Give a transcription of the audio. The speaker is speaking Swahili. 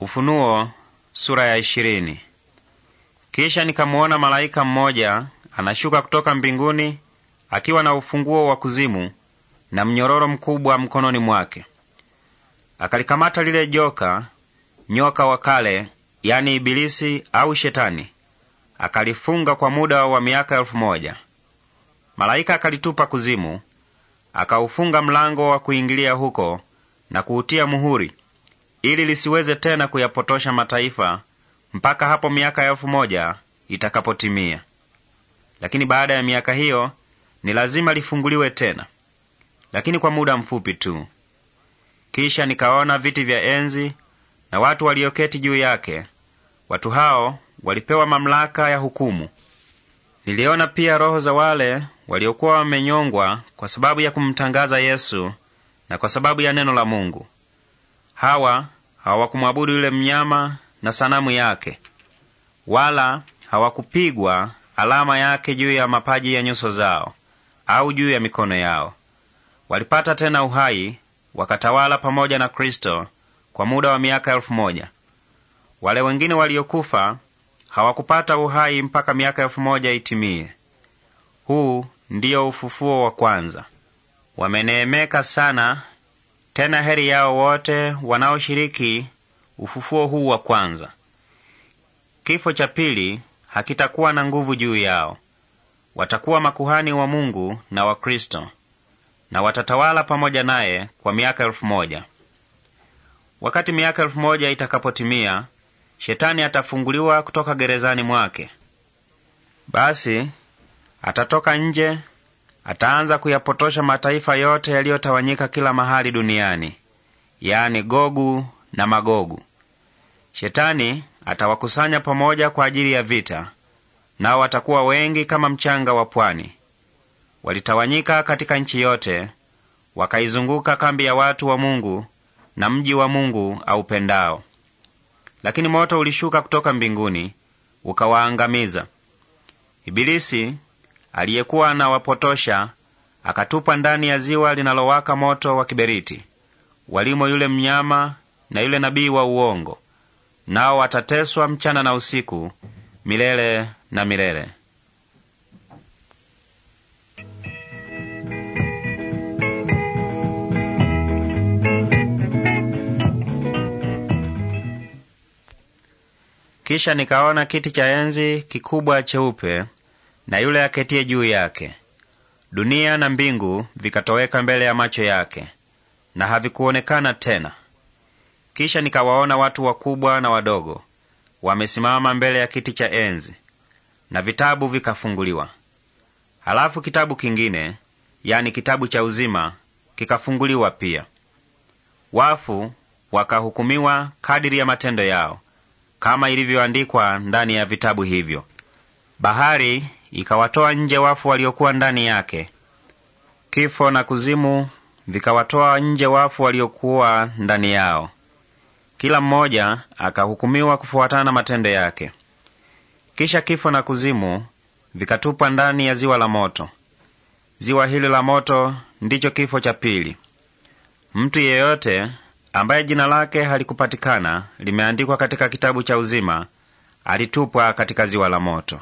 Ufunuo sura ya ishirini. Kisha nikamuona malaika mmoja anashuka kutoka mbinguni akiwa na ufunguo wa kuzimu na mnyororo mkubwa mkononi mwake. Akalikamata lile joka, nyoka wa kale, yani Ibilisi au Shetani, akalifunga kwa muda wa miaka elfu moja. Malaika akalitupa kuzimu, akaufunga mlango wa kuingilia huko na kuutia muhuri, ili lisiweze tena kuyapotosha mataifa mpaka hapo miaka elfu moja itakapotimia. Lakini baada ya miaka hiyo ni lazima lifunguliwe tena, lakini kwa muda mfupi tu. Kisha nikaona viti vya enzi na watu walioketi juu yake. Watu hao walipewa mamlaka ya hukumu. Niliona pia roho za wale waliokuwa wamenyongwa kwa sababu ya kumtangaza Yesu na kwa sababu ya neno la Mungu. Hawa hawakumwabudu yule mnyama na sanamu yake, wala hawakupigwa alama yake juu ya mapaji ya nyuso zao au juu ya mikono yao. Walipata tena uhai, wakatawala pamoja na Kristo kwa muda wa miaka elfu moja. Wale wengine waliokufa hawakupata uhai mpaka miaka elfu moja itimie. Huu ndiyo ufufuo wa kwanza. Wameneemeka sana tena heri yao wote wanaoshiriki ufufuo huu wa kwanza. Kifo cha pili hakitakuwa na nguvu juu yao. Watakuwa makuhani wa Mungu na wa Kristo, na watatawala pamoja naye kwa miaka elfu moja. Wakati miaka elfu moja itakapotimia, Shetani atafunguliwa kutoka gerezani mwake. Basi atatoka nje ataanza kuyapotosha mataifa yote yaliyotawanyika kila mahali duniani, yaani Gogu na Magogu. Shetani atawakusanya pamoja kwa ajili ya vita, nao watakuwa wengi kama mchanga wa pwani. Walitawanyika katika nchi yote, wakaizunguka kambi ya watu wa Mungu na mji wa Mungu aupendao. Lakini moto ulishuka kutoka mbinguni ukawaangamiza. Ibilisi aliyekuwa anawapotosha akatupa ndani ya ziwa linalowaka moto wa kiberiti. Walimo yule mnyama na yule nabii wa uongo, nao watateswa mchana na usiku milele na milele. Kisha nikaona kiti cha enzi kikubwa cheupe na yule aketie juu yake. Dunia na mbingu vikatoweka mbele ya macho yake, na havikuonekana tena. Kisha nikawaona watu wakubwa na wadogo wamesimama mbele ya kiti cha enzi, na vitabu vikafunguliwa. Halafu kitabu kingine, yani kitabu cha uzima, kikafunguliwa pia. Wafu wakahukumiwa kadiri ya matendo yao, kama ilivyoandikwa ndani ya vitabu hivyo. Bahari ikawatoa nje wafu waliokuwa ndani yake. Kifo na kuzimu vikawatoa nje wafu waliokuwa ndani yao. Kila mmoja akahukumiwa kufuatana na matendo yake. Kisha kifo na kuzimu vikatupwa ndani ya ziwa la moto. Ziwa hili la moto ndicho kifo cha pili. Mtu yeyote ambaye jina lake halikupatikana limeandikwa katika kitabu cha uzima alitupwa katika ziwa la moto.